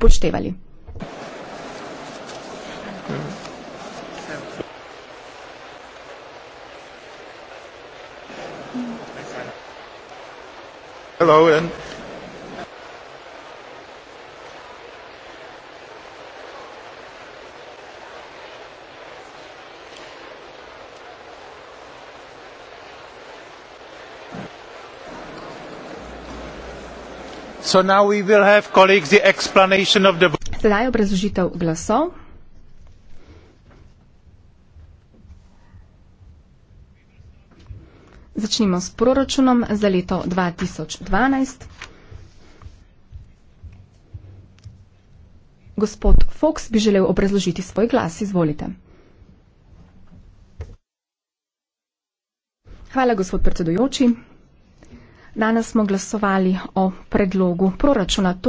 upoštevali. Hello and Sedaj obrazložitev glasov. Začnimo s proračunom za leto 2012. Gospod Fox bi želel obrazložiti svoj glas. Izvolite. Hvala, gospod predsedujoči. Danes smo glasovali o predlogu proračuna.